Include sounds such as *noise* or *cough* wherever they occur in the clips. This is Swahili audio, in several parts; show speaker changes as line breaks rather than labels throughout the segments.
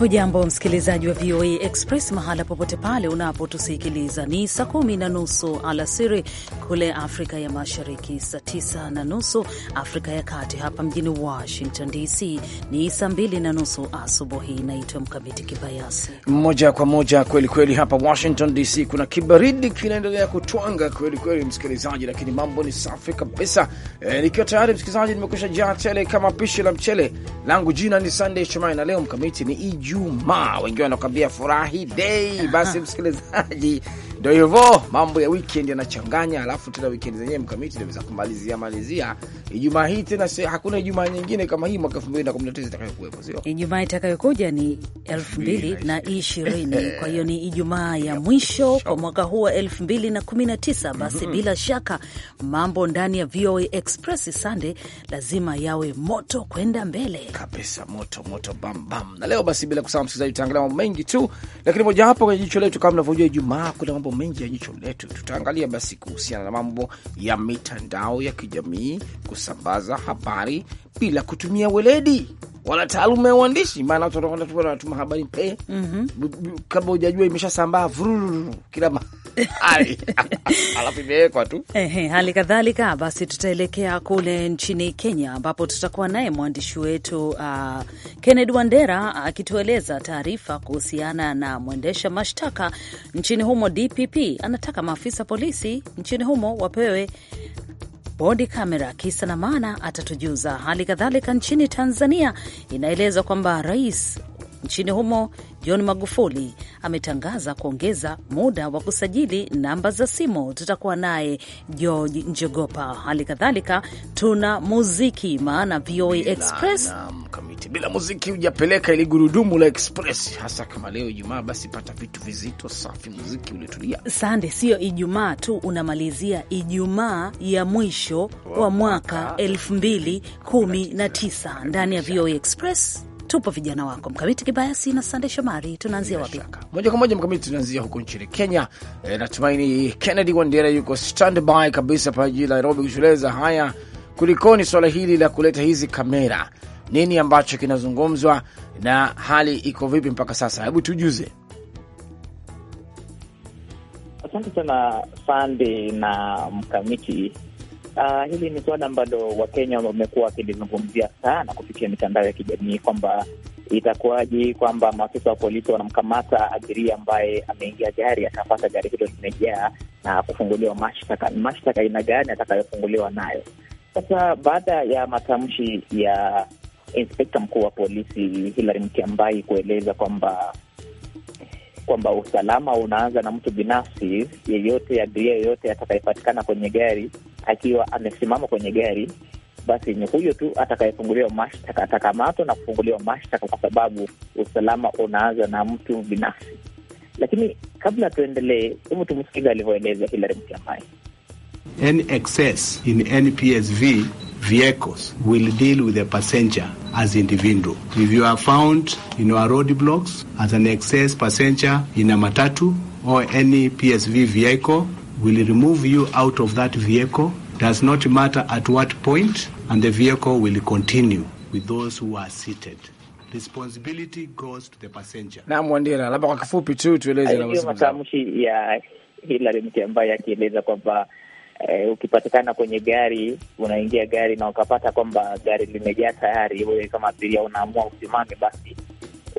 Hujambo msikilizaji wa VOA Express mahala popote pale unapotusikiliza. Ni saa kumi na nusu alasiri kule Afrika ya Mashariki, saa tisa na nusu Afrika ya Kati. Hapa mjini Washington DC ni saa mbili na nusu asubuhi. Inaitwa Mkamiti Kibayasi,
moja kwa moja kweli kweli hapa Washington DC. Kuna kibaridi kinaendelea kutwanga kweli kweli, msikilizaji, lakini mambo ni safi kabisa. E, nikiwa tayari msikilizaji, nimekusha jaa tele kama pishi la mchele langu. Jina ni Sandey Shumai na leo Mkamiti ni iju. Ijumaa, wengine wanakuambia furahi dei. Basi *laughs* msikilizaji ndo hivyo mambo ya weekend yanachanganya, alafu tena weekend zenyewe mkamiti naweza kumalizia malizia
Ijumaa hii tena, hakuna Ijumaa nyingine kama hii mwaka 2019 itakayokuwepo, sio Ijumaa itakayokuja ni ishirini. kwa hiyo ni Ijumaa ya mwisho kwa mwaka huu wa kumi Basi tisa. Mhm. Basi bila shaka mambo ndani ya VOA Express Sunday lazima yawe moto kwenda mbele
kabisa, moto moto, bam bam. Na leo basi bila kusahau msikilizaji, tutaangalia mambo mengi tu, lakini mojawapo kwenye jicho letu kama mnavyojua Ijumaa kuna mambo mambo mengi ya jicho letu. Tutaangalia basi kuhusiana na mambo ya mitandao ya kijamii, kusambaza habari bila kutumia weledi wala taaluma ya uandishi, maana watu wanakwenda tu wanatuma habari pee mm -hmm. Kama ujajua imeshasambaa vururu kila mahali
*laughs* alafu imewekwa tu. Ehe, hali kadhalika basi, tutaelekea kule nchini Kenya ambapo tutakuwa naye mwandishi wetu uh, Kennedy Wandera akitueleza uh, taarifa kuhusiana na mwendesha mashtaka nchini humo DPP anataka maafisa polisi nchini humo wapewe bodi kamera. Kisa na maana atatujuza. Hali kadhalika nchini Tanzania inaelezwa kwamba rais nchini humo John Magufuli ametangaza kuongeza muda wa kusajili namba za simu. Tutakuwa naye George Njogopa, hali kadhalika tuna muziki, maana VOA Express
mkamiti bila muziki hujapeleka ili gurudumu la Express, hasa kama leo Ijumaa, basi pata vitu vizito, safi, muziki ulitulia.
Sande, sio Ijumaa tu, unamalizia Ijumaa ya mwisho wa mwaka 219 ndani ya VOA Express tupo vijana wako Mkamiti Kibayasi na Sande Shomari. Tunaanzia wapi? Moja kwa moja Mkamiti, tunaanzia huko nchini Kenya.
E, natumaini Kennedy Wandera yuko standby kabisa pale la Nairobi kutueleza haya, kulikoni swala hili la kuleta hizi kamera, nini ambacho kinazungumzwa na hali iko vipi mpaka sasa? Hebu tujuze.
Asante sana Sande na Mkamiti. Uh, hili ni suala ambalo Wakenya wamekuwa wakilizungumzia sana kupitia mitandao ya kijamii kwamba itakuwaji kwamba maafisa wa polisi wanamkamata abiria ambaye ameingia gari akapata gari hilo limejaa na kufunguliwa mashtaka. Mashtaka aina gani atakayofunguliwa nayo? Sasa baada ya matamshi ya inspekta mkuu wa polisi Hilary mkiambai kueleza kwamba kwamba usalama unaanza na mtu binafsi yeyote, abiria yeyote atakayepatikana kwenye gari akiwa amesimama kwenye gari, basi ni huyo tu atakayefunguliwa mashtaka, atakamatwa na kufunguliwa mashtaka, kwa sababu usalama unaanza na mtu binafsi. Lakini kabla tuendelee, hebu tumsikiza alivyoeleza Hilary Mutyambai.
Any excess in NPSV vehicles will deal with the passenger as individual. If you are found in our road as an excess passenger in a matatu or any PSV vehicle, will remove you out of that vehicle does not matter at what point and the vehicle will continue with those who are seated responsibility goes to the passenger. Naam,
Wandera, labda kwa kifupi tu tueleze matamshi
ya
Hillary Mti akieleza kwamba eh, ukipatikana kwenye gari unaingia gari na ukapata kwamba gari limejaa tayari, wewe kama abiria unaamua usimame, basi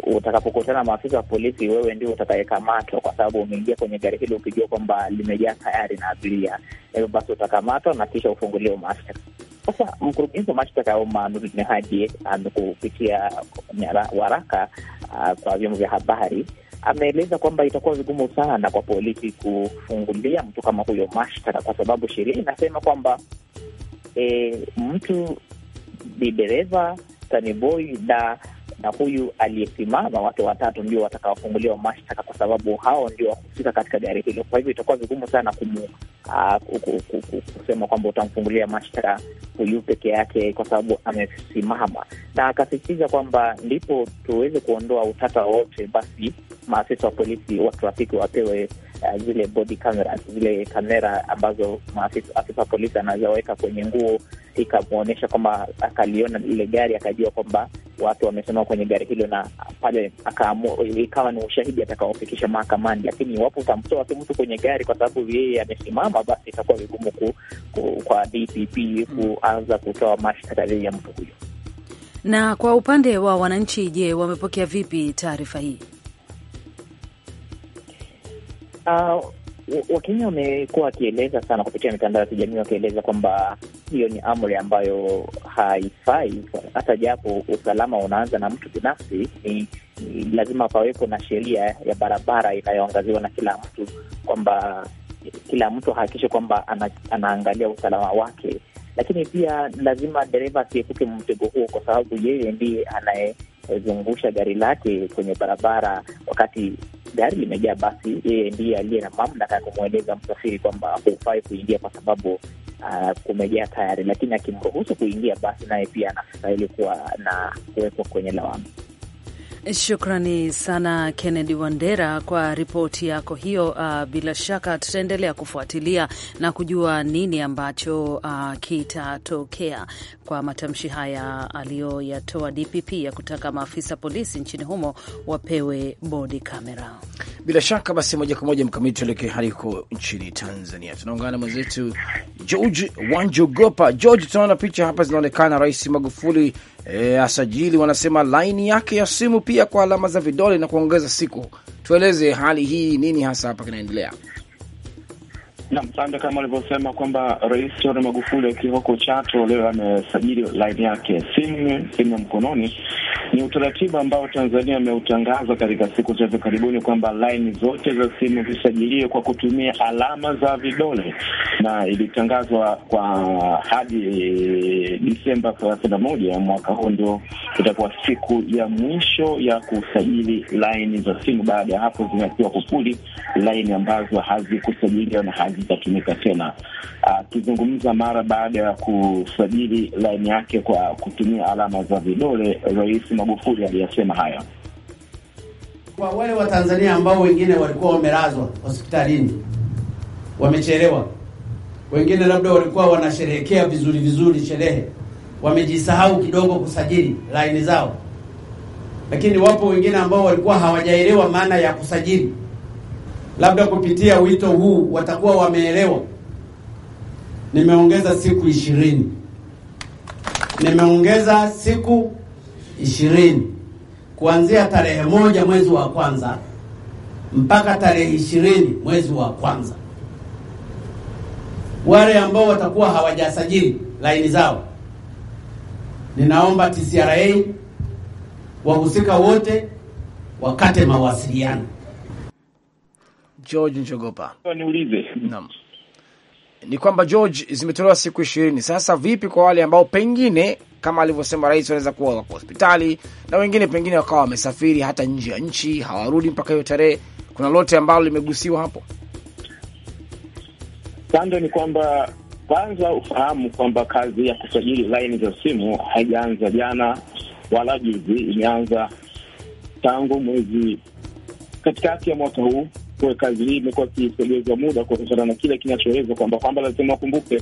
utakapokutana na maafisa wa polisi, wewe ndio utakayekamatwa, kwa sababu umeingia kwenye gari hilo ukijua kwamba limejaa tayari na abiria. Hivyo basi utakamatwa na kisha ufunguliwe mashtaka. Sasa mkurugenzi wa mashtaka ya umma Noordin Haji amekupitia waraka uh, kwa vyombo vya habari ameeleza kwamba itakuwa vigumu sana kwa polisi kufungulia mtu kama huyo mashtaka, kwa sababu sheria inasema kwamba e,
mtu
ni dereva taniboi na na huyu aliyesimama, watu watatu ndio watakaofunguliwa mashtaka, kwa sababu hao ndio wahusika katika gari hilo. Kwa hivyo itakuwa vigumu sana kumu, uh, kusema kwamba utamfungulia mashtaka huyu peke yake, kwa sababu amesimama, na akasisitiza kwamba ndipo tuweze kuondoa utata wote, basi maafisa wa polisi wa trafiki wapewe uh, zile body cameras, zile kamera ambazo afisa polisi anazoweka kwenye nguo ikamwonyesha kwamba akaliona ile gari akajua kwamba watu wamesema kwenye gari hilo, na pale ikawa ni ushahidi atakaofikisha mahakamani. Lakini iwapo utamtoa tu mtu kwenye gari kwa sababu yeye amesimama, basi itakuwa vigumu ku, ku, kwa DPP kuanza kutoa mashtaka dhidi ya mtu huyo.
Na kwa upande wa wananchi, je, wamepokea vipi taarifa hii?
Ah,
Wakenya wamekuwa wakieleza sana kupitia mitandao ya kijamii wakieleza kwamba hiyo ni amri ambayo haifai, hata japo usalama unaanza na mtu binafsi. Ni lazima pawepo na sheria ya barabara inayoangaziwa na kila mtu, kwamba kila mtu ahakikishe kwamba ana, anaangalia usalama wake, lakini pia lazima dereva asiepuke mtego huo, kwa sababu yeye ndiye anayezungusha gari lake kwenye barabara wakati gari limejaa, basi yeye ndiye aliye na mamlaka ya kumweleza msafiri kwamba hufai kuingia kwa sababu Uh, kumejaa tayari, lakini akimruhusu kuingia basi naye pia anastahili kuwa na kuwekwa kwenye lawama.
Shukrani sana Kennedy Wandera kwa ripoti yako hiyo. Uh, bila shaka tutaendelea kufuatilia na kujua nini ambacho uh, kitatokea kwa matamshi haya aliyoyatoa DPP ya kutaka maafisa polisi nchini humo wapewe bodi camera.
Bila shaka basi, moja kwa moja mkamiti, tuelekee hadi huko nchini Tanzania. Tunaungana mwenzetu George Wanjogopa. George, tunaona picha hapa zinaonekana, Rais Magufuli e, asajili wanasema laini yake ya simu pia kwa alama za vidole na kuongeza siku. Tueleze hali hii, nini hasa hapa kinaendelea?
Naam, Sande, kama alivyosema kwamba Rais John Magufuli akiwa huko Chato leo amesajili laini yake simu simu ya mkononi. Ni utaratibu ambao Tanzania ameutangaza katika siku za hivi karibuni kwamba laini zote za simu zisajiliwe kwa kutumia alama za vidole, na ilitangazwa kwa hadi e, Disemba thelathini na moja mwaka huu, ndio itakuwa siku ya mwisho ya kusajili laini za simu. Baada ya hapo, zimeakiwa kufuli laini ambazo hazikusajiliwa na hazi zitatumika tena, ah, akizungumza mara baada ya kusajili laini yake kwa kutumia alama za vidole. Rais Magufuli aliyasema haya
kwa wale Watanzania ambao wengine walikuwa wamelazwa hospitalini, wamechelewa, wengine labda walikuwa wanasherehekea vizuri vizuri sherehe, wamejisahau kidogo kusajili laini zao, lakini wapo wengine ambao walikuwa hawajaelewa maana ya kusajili labda kupitia wito huu watakuwa wameelewa. Nimeongeza siku ishirini, nimeongeza siku ishirini kuanzia tarehe moja mwezi wa kwanza mpaka tarehe ishirini mwezi wa kwanza. Wale ambao watakuwa hawajasajili laini zao, ninaomba TCRA wahusika wote wakate mawasiliano
George Njogopa, niulize naam, ni kwamba George, zimetolewa siku ishirini sasa. Vipi kwa wale ambao pengine kama alivyosema rais, wanaweza kuwa wako hospitali na wengine pengine wakawa wamesafiri hata nje ya nchi hawarudi mpaka hiyo tarehe? Kuna lote ambalo limegusiwa hapo?
kando, ni kwamba kwanza ufahamu kwamba kazi ya kusajili laini za simu haijaanza jana wala juzi, imeanza tangu mwezi katikati ya mwaka huu kwa kazi hii imekuwa ikisogezwa muda kutokana na kile kinachoelezwa kwamba kwamba lazima wakumbuke,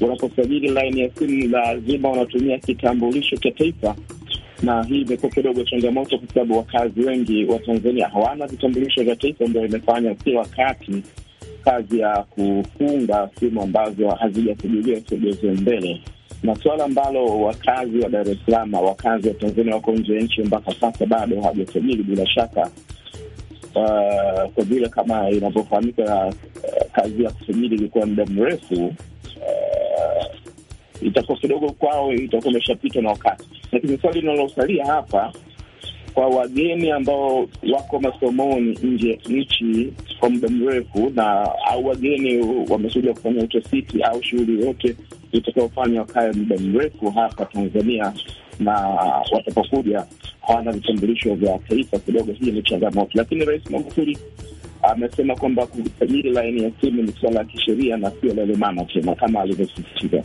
unaposajili laini ya simu lazima unatumia kitambulisho cha taifa, na hii imekuwa kidogo changamoto, kwa sababu wakazi wengi wa Tanzania hawana vitambulisho vya taifa, ambayo imefanya kila wakati kazi ya kufunga simu ambazo hazijasajiliwa sogezwe mbele na suala ambalo wakazi wa Dar es Salaam, wakazi wa Tanzania wako nje ya nchi mpaka sasa bado hawajasajili, bila shaka uh, kwa vile kama inavyofahamika uh, eh, kazi ya kusubiri ilikuwa muda mrefu uh, itakuwa kidogo kwao, itakuwa imeshapitwa na wakati. Lakini swali linalosalia hapa kwa wageni ambao wako masomoni nje nchi kwa muda mrefu na au wageni wamekuja kufanya utafiti au shughuli yote itakaofanywa kaya muda mrefu hapa Tanzania, na watapokuja hawana vitambulisho vya taifa, kidogo hii ni changamoto. Lakini Rais Magufuli amesema kwamba kusajili laini ya simu ni suala la kisheria na sio lelemana tena kama alivyosisitiza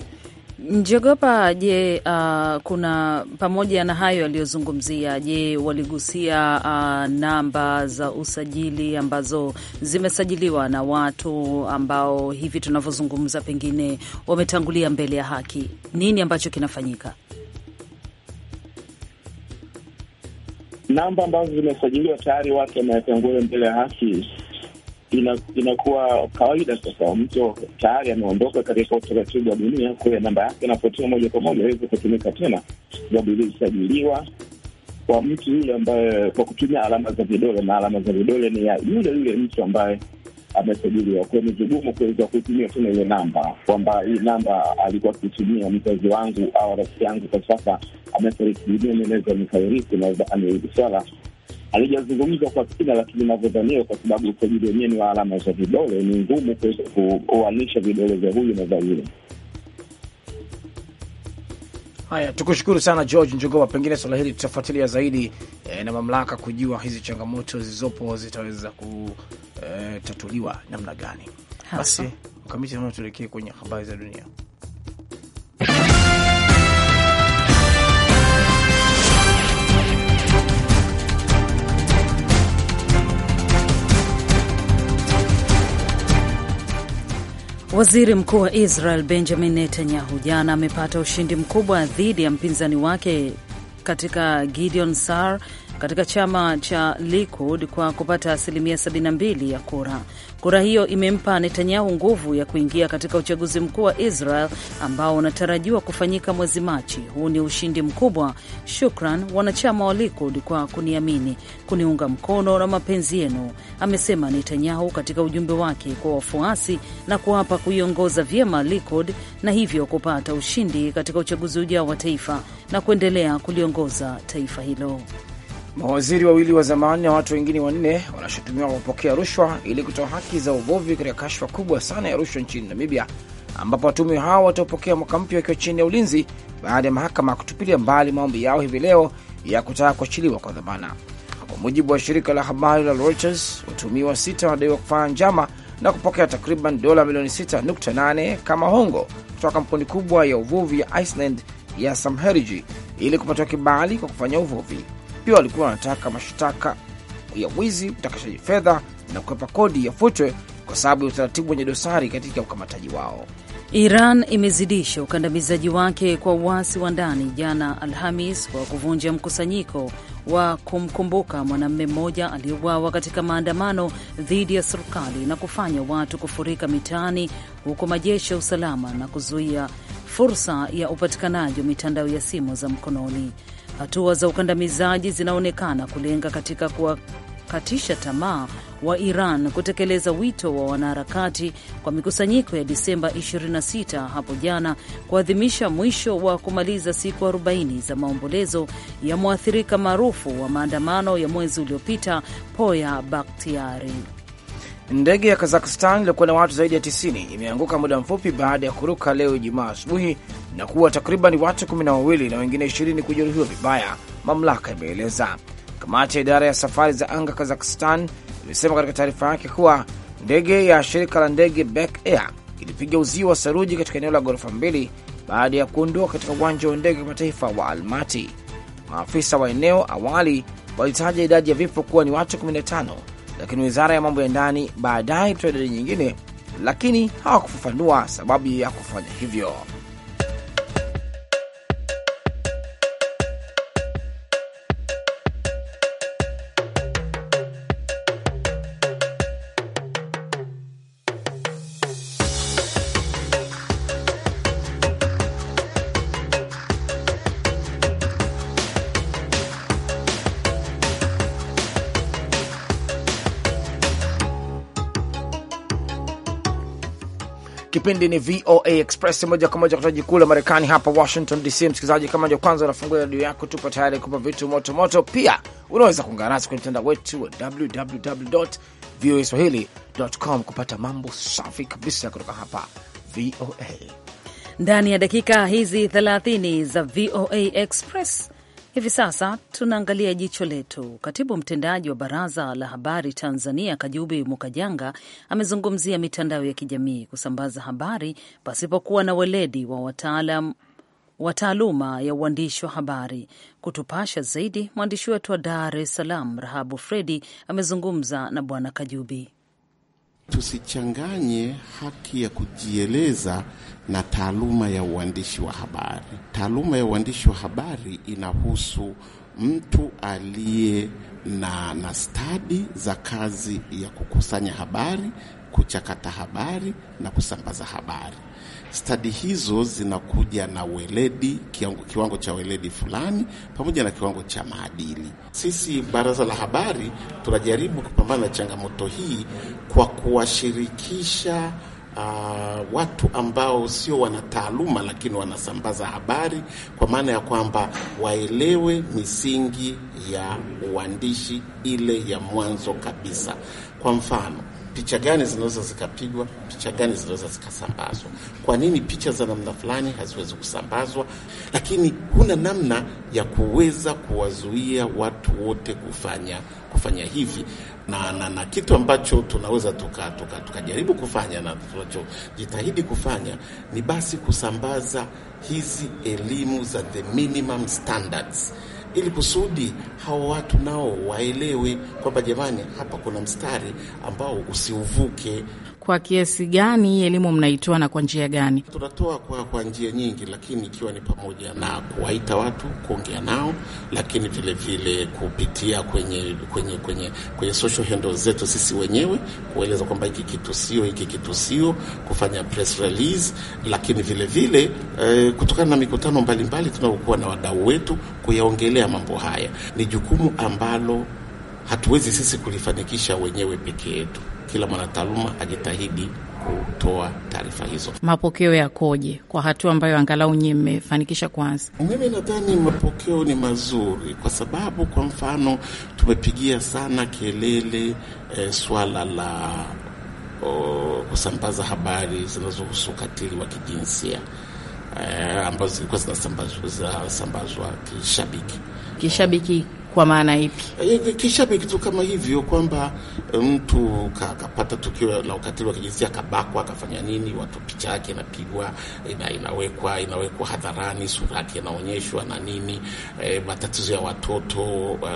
Njogopa. Je, uh, kuna pamoja na hayo yaliyozungumzia, je, waligusia uh, namba za usajili ambazo zimesajiliwa na watu ambao hivi tunavyozungumza pengine wametangulia mbele ya haki? Nini ambacho kinafanyika?
namba ambazo zimesajiliwa tayari watu wameweka mbele ya haki, ina- inakuwa kawaida. Sasa mtu tayari ameondoka katika utaratibu wa dunia, kwa hiyo namba yake inapotea moja kwa moja hawezi kutumika tena, sababu ilisajiliwa kwa mtu yule ambaye, kwa kutumia alama za vidole, na alama za vidole ni ya yule yule mtu ambaye amesajiliwa. Kwa ni vigumu kuweza kutumia tena ile namba, kwamba hii namba alikuwa akitumia mzazi wangu au rafiki yangu, kwa sasa amefariki dunia, ninaweza nikairithi. Nadhani hili swala alijazungumza kwa kina, lakini inavyodhaniwa, kwa sababu usajili wenyewe ni wa alama za vidole, ni ngumu kuweza kuoanisha vidole vya huyu na vya yule.
Haya, tukushukuru sana George Njogoa. pengine swala hili tutafuatilia zaidi eh, na mamlaka kujua hizi changamoto zilizopo zitaweza kutatuliwa eh, namna gani. Basi mkamiti, naona tuelekee kwenye habari za dunia.
Waziri Mkuu wa Israel Benjamin Netanyahu jana amepata ushindi mkubwa dhidi ya mpinzani wake katika Gideon Sar katika chama cha Likud kwa kupata asilimia 72 ya kura. Kura hiyo imempa Netanyahu nguvu ya kuingia katika uchaguzi mkuu wa Israel ambao unatarajiwa kufanyika mwezi Machi. Huu ni ushindi mkubwa. Shukran wanachama wa Likud kwa kuniamini, kuniunga mkono na mapenzi yenu, amesema Netanyahu katika ujumbe wake kwa wafuasi na kuapa kuiongoza vyema Likud na hivyo kupata ushindi katika uchaguzi ujao wa taifa na kuendelea kuliongoza taifa hilo.
Mawaziri wawili wa zamani na watu wengine wanne wanashutumiwa kupokea rushwa ili kutoa haki za uvuvi katika kashfa kubwa sana ya rushwa nchini Namibia, ambapo watumi hao wataopokea mwaka mpya wakiwa chini ya ulinzi baada ya mahakama kutupilia mbali maombi yao hivi leo ya kutaka kuachiliwa kwa dhamana. Kwa mujibu wa shirika la habari la Reuters, watumiwa sita wanadaiwa kufanya njama na kupokea takriban dola milioni 6.8 kama hongo kutoka kampuni kubwa ya uvuvi ya Iceland ya Samherji ili kupatiwa kibali kwa kufanya uvuvi. Pia walikuwa wanataka mashtaka ya wizi, utakashaji fedha na kukwepa kodi yafutwe kwa sababu ya utaratibu wenye dosari katika ukamataji wao.
Iran imezidisha ukandamizaji wake kwa uasi wa ndani jana Alhamis kwa kuvunja mkusanyiko wa kumkumbuka mwanamume mmoja aliyeuawa katika maandamano dhidi ya serikali na kufanya watu kufurika mitaani, huku majeshi ya usalama na kuzuia fursa ya upatikanaji wa mitandao ya simu za mkononi. Hatua za ukandamizaji zinaonekana kulenga katika kuwakatisha tamaa wa Iran kutekeleza wito wa wanaharakati kwa mikusanyiko ya Disemba 26 hapo jana kuadhimisha mwisho wa kumaliza siku 40 za maombolezo ya mwathirika maarufu wa maandamano ya mwezi uliopita Poya Baktiari. Ndege ya Kazakhstan iliyokuwa
na watu zaidi ya 90 imeanguka muda mfupi baada ya kuruka leo Ijumaa asubuhi na kuwa takriban watu kumi na wawili na wengine 20 kujeruhiwa vibaya, mamlaka imeeleza. Kamati ya idara ya safari za anga Kazakhstan ilisema katika taarifa yake kuwa ndege ya shirika la ndege Bek Air ilipiga uzio wa saruji katika eneo la ghorofa mbili baada ya kuondoka katika uwanja wa ndege wa kimataifa wa Almati. Maafisa wa eneo awali walitaja idadi ya vifo kuwa ni watu 15 lakini wizara ya mambo ya ndani baadaye itoa nyingine, lakini hawakufafanua sababu ya kufanya hivyo. Kipindi ni VOA Express moja kwa moja kutoka jiji kuu la Marekani hapa Washington DC. Msikilizaji, kama ndio kwanza unafungua redio yako, tupo tayari kupa vitu motomoto moto. Pia unaweza kuungana nasi kwenye mtandao wetu wa www voa swahili.com kupata mambo safi kabisa kutoka hapa VOA
ndani ya dakika hizi 30 za VOA Express Hivi sasa tunaangalia jicho letu. Katibu mtendaji wa Baraza la Habari Tanzania, Kajubi Mukajanga, amezungumzia mitandao ya kijamii kusambaza habari pasipokuwa na weledi wa wataalam wa taaluma ya uandishi wa habari. Kutupasha zaidi, mwandishi wetu wa Dar es Salaam, Rahabu Fredi, amezungumza na Bwana Kajubi.
Tusichanganye haki ya kujieleza na taaluma ya uandishi wa habari. Taaluma ya uandishi wa habari inahusu mtu aliye na, na stadi za kazi ya kukusanya habari, kuchakata habari na kusambaza habari stadi hizo zinakuja na weledi kiwango, kiwango cha weledi fulani pamoja na kiwango cha maadili. Sisi Baraza la Habari tunajaribu kupambana na changamoto hii kwa kuwashirikisha Uh, watu ambao sio wanataaluma lakini wanasambaza habari, kwa maana ya kwamba waelewe misingi ya uandishi ile ya mwanzo kabisa. Kwa mfano, picha gani zinaweza zikapigwa, picha gani zinaweza zikasambazwa, kwa nini picha za namna fulani haziwezi kusambazwa, lakini kuna namna ya kuweza kuwazuia watu wote kufanya kufanya hivi na, na, na kitu ambacho tunaweza tukajaribu tuka, tuka kufanya na tunachojitahidi kufanya ni basi kusambaza hizi elimu za the minimum standards ili kusudi hawa watu nao waelewe kwamba jamani, hapa kuna mstari ambao usiuvuke
kwa kiasi gani elimu mnaitoa na kwa njia gani?
Tunatoa kwa, kwa njia nyingi, lakini ikiwa ni pamoja na kuwaita watu kuongea nao, lakini vilevile kupitia kwenye kwenye kwenye kwenye social handles zetu sisi wenyewe kueleza kwamba hiki kitu sio, hiki kitu sio, kufanya press release, lakini vilevile vile, eh, kutokana na mikutano mbalimbali tunayokuwa na wadau wetu kuyaongelea mambo haya. Ni jukumu ambalo hatuwezi sisi kulifanikisha wenyewe peke yetu kila mwanataaluma ajitahidi kutoa taarifa hizo.
Mapokeo yakoje kwa hatua ambayo angalau nyie mmefanikisha? Kwanza
mimi nadhani mapokeo ni mazuri, kwa sababu kwa mfano tumepigia sana kelele e, swala la o, kusambaza habari zinazohusu ukatili wa kijinsia e, ambazo zilikuwa zinasambazwa kishabiki
kishabiki kwa maana ipi? Eh,
kishabiki tu kama hivyo kwamba mtu kapata tukio la ukatili wa kijinsia, akabakwa, akafanya nini, watu picha yake inapigwa, ina, inawekwa inawekwa hadharani, sura yake inaonyeshwa na nini, e, matatizo ya watoto e,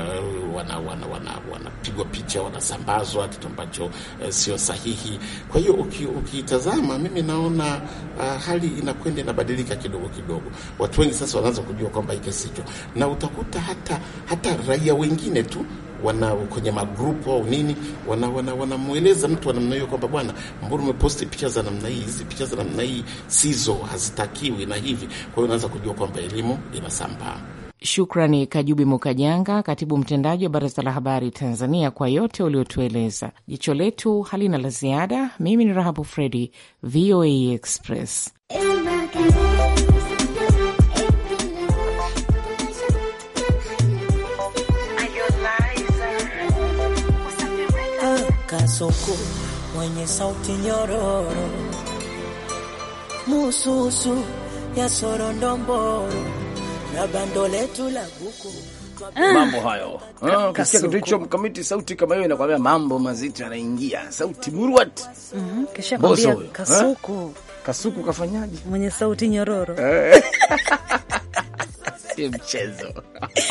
wanapigwa wana, wana, wana picha, wanasambazwa kitu ambacho e, sio sahihi. Kwa hiyo ukitazama, uki mimi naona uh, hali inakwenda inabadilika kidogo kidogo, watu wengi sasa wanaanza kujua kwamba hiki sicho, na utakuta hata hata raia wengine tu wana kwenye magrupu au nini, wanamweleza wana, wana mtu wa namna hiyo kwamba bwana, mbona umeposti picha za namna hii? Hizi picha za namna hii sizo, hazitakiwi na hivi. Kwa hiyo unaanza kujua kwamba elimu inasambaa.
Shukrani Kajubi Mukajanga, katibu mtendaji wa Baraza la Habari Tanzania, kwa yote uliotueleza. Jicho letu halina la ziada. Mimi ni Rahabu Fredi, VOA Express.
Soko mwenye sauti nyororo, mususu ya sorondomboro na bando letu la buku ah. mambo
hayo ah, ukisikia kitu hicho mkamiti, sauti kama hiyo inakwambia mambo mazito yanaingia. Sauti Murwat
mm -hmm. Kisha kwambia kasuku ha? Eh? Kasuku kafanyaje? Mwenye sauti nyororo eh.
*laughs* si mchezo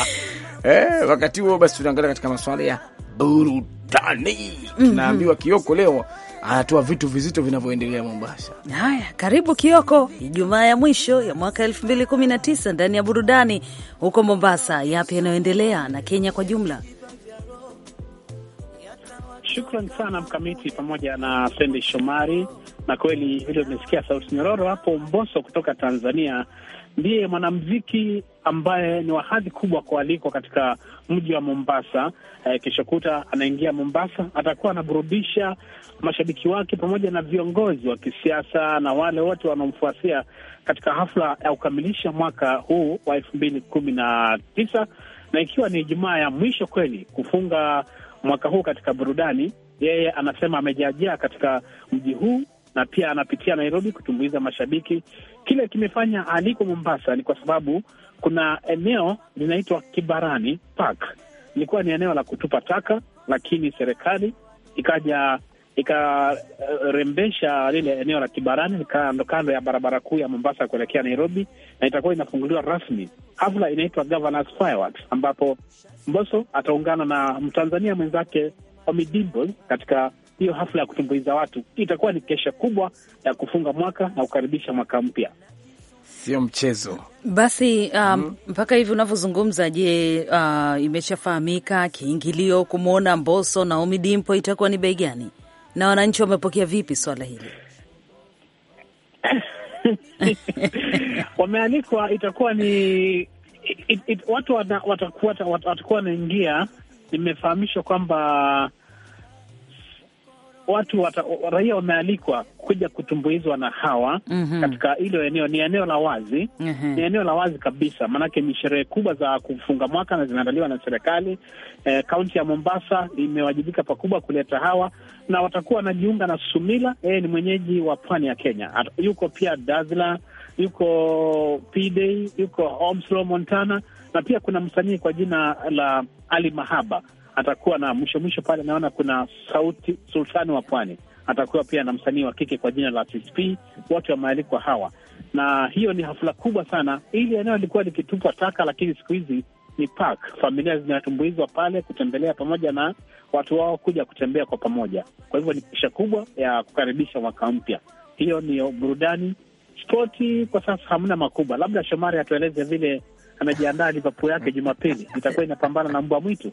*laughs* eh, wakati huo basi tunaangalia katika masuala ya burudani mhm. tunaambiwa mm -hmm. Kioko leo anatoa vitu vizito
vinavyoendelea Mombasa. Haya, karibu Kioko. Ijumaa ya mwisho ya mwaka 2019 ndani ya burudani huko Mombasa, yapi yanayoendelea na Kenya kwa jumla?
Shukran sana Mkamiti pamoja na Sende Shomari, na kweli vile umesikia sauti nyororo hapo Mboso kutoka Tanzania ndiye mwanamziki ambaye ni wa hadhi kubwa kualikwa katika mji wa Mombasa. Eh, kesho kuta anaingia Mombasa, atakuwa anaburudisha mashabiki wake pamoja na viongozi wa kisiasa na wale wote wanaomfuasia katika hafla ya kukamilisha mwaka huu wa elfu mbili kumi na tisa na ikiwa ni Ijumaa ya mwisho kweli kufunga mwaka huu katika burudani. Yeye anasema amejajaa katika mji huu na pia anapitia Nairobi kutumbuiza mashabiki. Kile kimefanya aliko Mombasa ni kwa sababu kuna eneo linaitwa Kibarani Park, ilikuwa ni eneo la kutupa taka, lakini serikali ikaja ikarembesha lile eneo la Kibarani kando kando ya barabara kuu ya Mombasa kuelekea Nairobi, na itakuwa inafunguliwa rasmi. Hafla inaitwa Governors Fireworks, ambapo mboso ataungana na mtanzania mwenzake Omidibo katika hiyo hafla ya kutumbuiza watu itakuwa ni kesha kubwa ya kufunga mwaka na kukaribisha mwaka mpya. Sio mchezo
basi. Um, mm Mpaka hivi unavyozungumza, je, uh, imeshafahamika kiingilio kumwona Mboso Naomi Dimpo itakuwa ni bei gani, na wananchi wamepokea vipi swala hili?
*laughs* Wamealikwa, itakuwa ni it, it, watu watakuwa wanaingia. Nimefahamishwa kwamba watu wata, raia wamealikwa kuja kutumbuizwa na hawa mm -hmm. Katika hilo eneo ni eneo la wazi mm -hmm. Ni eneo la wazi kabisa, maanake ni sherehe kubwa za kufunga mwaka na zinaandaliwa na serikali. Eh, kaunti ya Mombasa imewajibika pakubwa kuleta hawa na watakuwa wanajiunga na Sumila. Yeye ni mwenyeji wa pwani ya Kenya At, yuko pia Dazla, yuko Pday, yuko Omslo Montana, na pia kuna msanii kwa jina la Ali Mahaba atakuwa na mwisho mwisho pale, naona kuna sauti sultani wa pwani atakuwa pia na msanii wa kike kwa jina la TSP, wote wamealikwa hawa, na hiyo ni hafla kubwa sana. Ili eneo ilikuwa likitupwa taka, lakini siku hizi ni park, familia zinatumbuizwa pale kutembelea pamoja na watu wao kuja kutembea kwa pamoja. Kwa hivyo ni pisha kubwa ya kukaribisha mwaka mpya. Hiyo ni burudani. Spoti kwa sasa hamna makubwa, labda Shomari atueleze vile anajiandaa Liverpool yake Jumapili itakuwa inapambana na mbwa mwitu.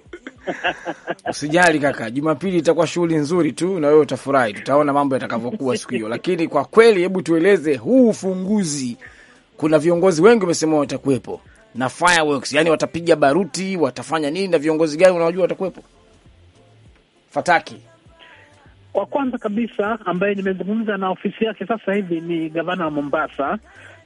*laughs* Usijali kaka, Jumapili itakuwa shughuli nzuri tu, na wewe utafurahi. Tutaona mambo yatakavyokuwa siku hiyo. Lakini kwa kweli, hebu tueleze huu ufunguzi, kuna viongozi wengi wamesema watakuwepo na fireworks, yani watapiga baruti, watafanya nini, na viongozi gani unawajua watakuwepo?
Fataki wa kwanza kabisa ambaye nimezungumza na ofisi yake sasa hivi ni gavana wa Mombasa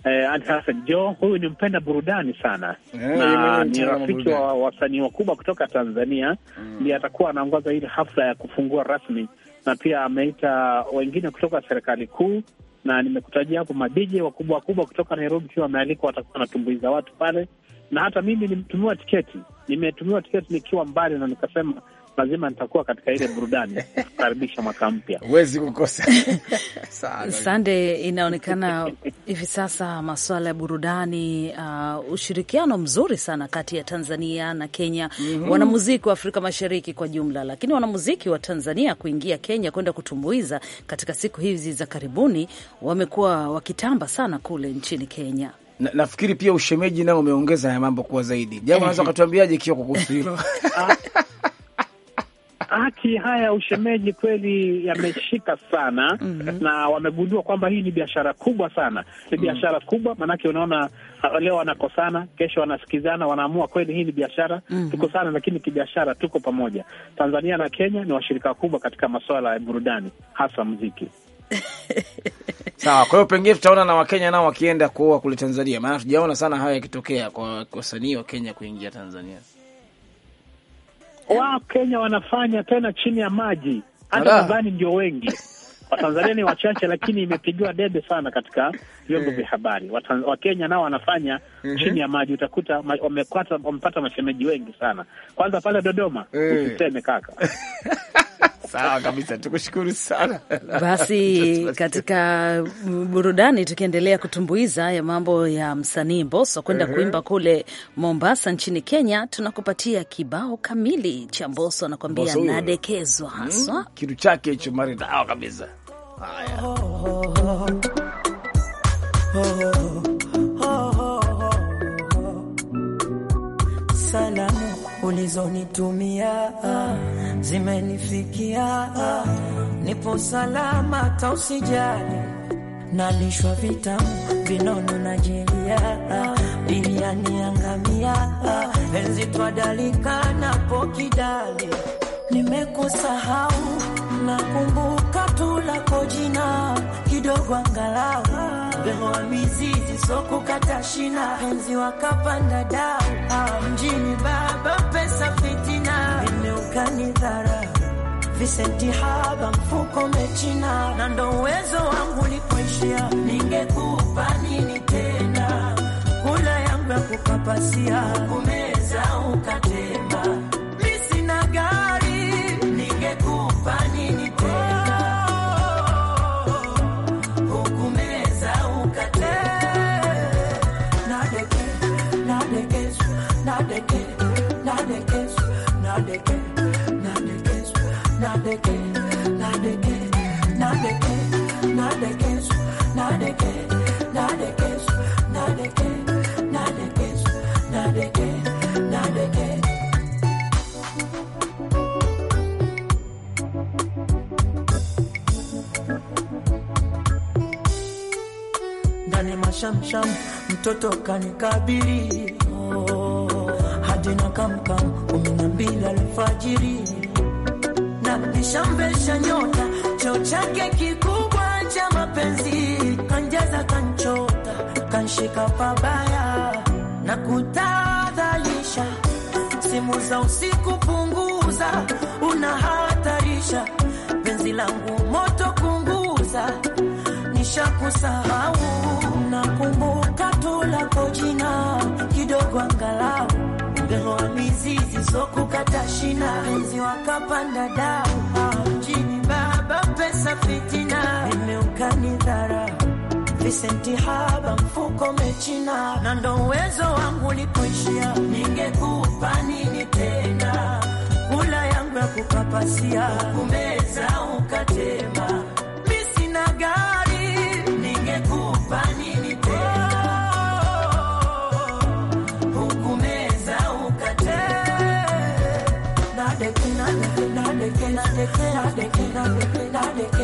eh, Adi Hassan Jo, huyu ni mpenda burudani sana yeah, na ni rafiki wa wasanii wakubwa kutoka Tanzania mm. ndiye mm. atakuwa anaongoza ile hafla ya kufungua rasmi, na pia ameita wengine kutoka serikali kuu na nimekutajia hapo madije wakubwa wakubwa kutoka Nairobi pia wamealikwa, watakuwa wanatumbuiza watu pale, na hata mimi nimetumiwa tiketi, nimetumiwa tiketi nikiwa mbali na nikasema lazima nitakuwa katika ile burudani kukaribisha mwaka mpya, huwezi kukosa. *laughs*
Sande, inaonekana hivi sasa masuala ya burudani, uh, ushirikiano mzuri sana kati ya Tanzania na Kenya mm -hmm. wanamuziki wa Afrika Mashariki kwa jumla, lakini wanamuziki wa Tanzania kuingia Kenya kwenda kutumbuiza katika siku hizi za karibuni, wamekuwa wakitamba sana kule nchini Kenya.
Na, nafikiri pia ushemeji nao umeongeza haya mambo kuwa zaidi. Jambo, unaweza kutuambiaje kio kuhusu hilo? *laughs*
haki haya ya ushemeji kweli yameshika sana mm -hmm. na wamegundua kwamba hii ni biashara kubwa sana, ni mhm. biashara mm -hmm. kubwa, maanake unaona uh, leo wanakosana, kesho wanasikizana, wanaamua kweli hii ni biashara mm -hmm. tuko sana, lakini kibiashara tuko pamoja. Tanzania na Kenya ni washirika kubwa katika masuala ya burudani, hasa mziki *laughs*
Sawa, kwa hiyo pengine tutaona na Wakenya nao wakienda kuoa kule Tanzania, maana tujaona sana haya yakitokea kwa wasanii wa Kenya kuingia Tanzania
wa Kenya wanafanya tena chini ya maji, hata nadhani ndio wengi *laughs* Watanzania ni wachache, lakini imepigiwa debe sana katika vyombo eh. vya habari. Wakenya nao wanafanya mhm. chini ya maji, utakuta wamepata mashemeji wengi sana. Kwanza pale Dodoma eh. usiseme kaka *laughs* Sawa kabisa, tukushukuru sana.
Basi *laughs* katika burudani, tukiendelea kutumbuiza ya mambo ya msanii mboso kwenda uh mhm. -huh. kuimba kule Mombasa nchini Kenya, tunakupatia kibao kamili cha mboso anakuambia nadekezwa mm, haswa hmm. kitu chake hicho maridhawa kabisa.
Haya oh. oh, oh, oh, oh. Salamu ulizonitumia zimenifikia, nipo salama, tausijali, nalishwa vitamu vinono na jelia, duniani niangamia enzi twadalika napo kidali, nimekusahau nakumbuka tulako jina kidogo angalau bewa mizizi kukata shina enzi wakapanda dau mjini baba pesa fitina kanidhara Vicenti haba mfuko mechina na ndo uwezo wangu lipoishia, ningekupa nini tena? Kula yangu ya kupapasia kumeza ukatema, misina gari, ningekupa nini tena? Nadeke, nadeke, ndani mashamsham mtoto kanikabiri, oh, hadi na kamkam kumi na mbili alfajiri nyota, nishamvesha nyota, cheo chake kikubwa cha mapenzi, kanjaza kanchota, kanshika pabaya na kutadhalisha, simu za usiku punguza, unahatarisha penzi langu moto kunguza, nishakusahau, nakumbuka tu lako jina kidogo angalau Behoa mizizi so kukata shina, enzi wakapanda dau mjini, baba pesa fitina, imeukani dhara visenti haba mfuko mechina, na ndo uwezo wangu likuishia. Ningekupa nini tena? Kula yangu ya kukapasia, kumeza ukatema they clean out, they clean out, they clean out,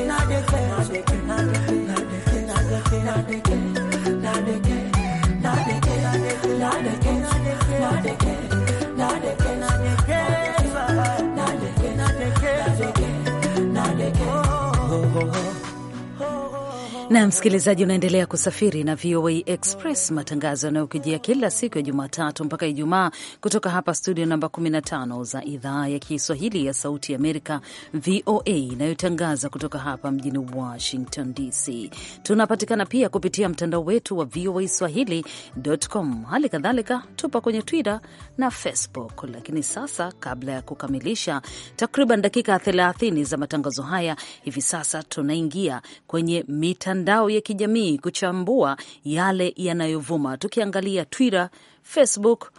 na msikilizaji, unaendelea kusafiri na VOA Express, matangazo yanayokujia kila siku ya Jumatatu mpaka Ijumaa kutoka hapa studio namba 15 za idhaa ya Kiswahili ya Sauti ya Amerika, VOA, inayotangaza kutoka hapa mjini Washington DC. Tunapatikana pia kupitia mtandao wetu wa VOA Swahili.com. Hali kadhalika tupa kwenye Twitter na Facebook. Lakini sasa, kabla ya kukamilisha takriban dakika 30 za matangazo haya, hivi sasa tunaingia kwenye mitandao mitandao ya kijamii kuchambua yale yanayovuma, tukiangalia Twitter, Facebook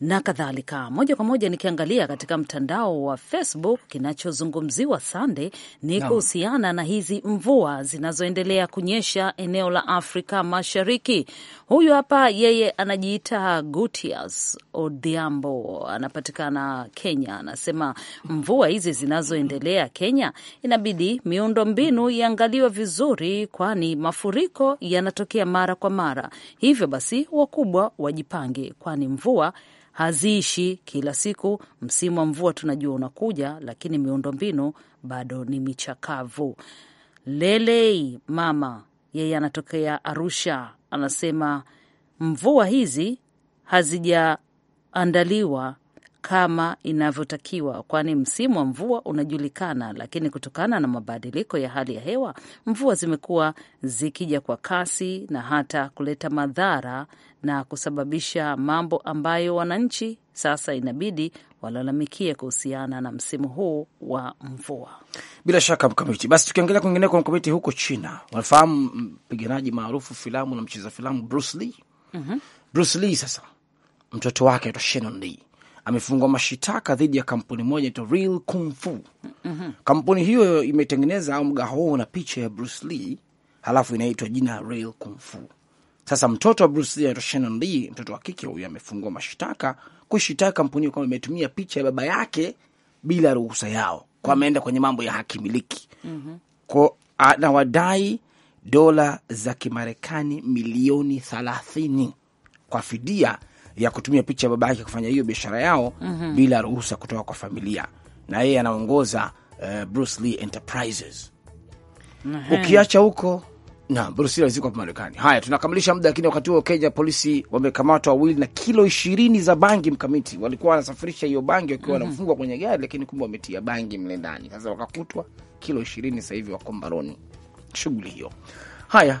na kadhalika. Moja kwa moja nikiangalia katika mtandao wa Facebook, kinachozungumziwa Sande ni kuhusiana na hizi mvua zinazoendelea kunyesha eneo la Afrika Mashariki. Huyu hapa yeye anajiita Gutias Odhiambo, anapatikana Kenya. Anasema mvua hizi zinazoendelea Kenya, inabidi miundo mbinu iangaliwe vizuri, kwani mafuriko yanatokea mara kwa mara. Hivyo basi wakubwa wajipange, kwani mvua haziishi kila siku. Msimu wa mvua tunajua unakuja, lakini miundombinu bado ni michakavu. Lelei mama yeye anatokea Arusha, anasema mvua hizi hazijaandaliwa kama inavyotakiwa, kwani msimu wa mvua unajulikana, lakini kutokana na mabadiliko ya hali ya hewa mvua zimekuwa zikija kwa kasi na hata kuleta madhara na kusababisha mambo ambayo wananchi sasa inabidi walalamikie kuhusiana na msimu huu wa mvua.
Bila shaka Mkamiti, basi tukiangalia kwa Mkamiti, huko China wanafahamu mpiganaji maarufu filamu na mcheza filamu Bruce Lee. Mm -hmm. Bruce Lee sasa mtoto wake aitwa Shannon Lee amefungwa mashitaka dhidi ya kampuni moja inaitwa Real Kung Fu. mm -hmm. Kampuni hiyo imetengeneza au mgahawa huo na picha ya Bruce Lee halafu inaitwa jina Real Kung Fu. Sasa mtoto wa Bruce Lee anaitwa Shannon Lee, mtoto wa kike huyu, amefungwa mashitaka kushitaka kampuni hiyo kwamba imetumia picha ya baba yake bila ruhusa yao, kwa ameenda kwenye mambo ya haki miliki. mm -hmm. Kwa anawadai dola za Kimarekani milioni thelathini kwa fidia ya kutumia picha ya baba yake kufanya hiyo biashara yao mm -hmm. bila ruhusa kutoka kwa familia, na yeye anaongoza uh, Bruce Lee Enterprises
mm -hmm. ukiacha
huko na Bruce Lee alizikwa Marekani. Haya, tunakamilisha muda, lakini wakati huo Kenya polisi wamekamatwa wawili na kilo ishirini za bangi. Mkamiti walikuwa wanasafirisha hiyo bangi wakiwa mhm. wanafungwa mm -hmm. kwenye gari, lakini kumbe wametia bangi mle ndani. Sasa wakakutwa kilo ishirini, sahivi wako mbaroni shughuli hiyo. Haya *laughs*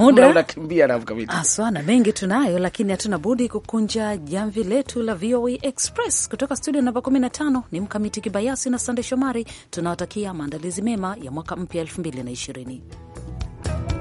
muda unakimbia na mkamiti
mengi tunayo, lakini hatuna budi kukunja jamvi letu la VOA e Express kutoka studio namba 15. Ni mkamiti Kibayasi na Sande Shomari, tunawatakia maandalizi mema ya mwaka mpya 2020.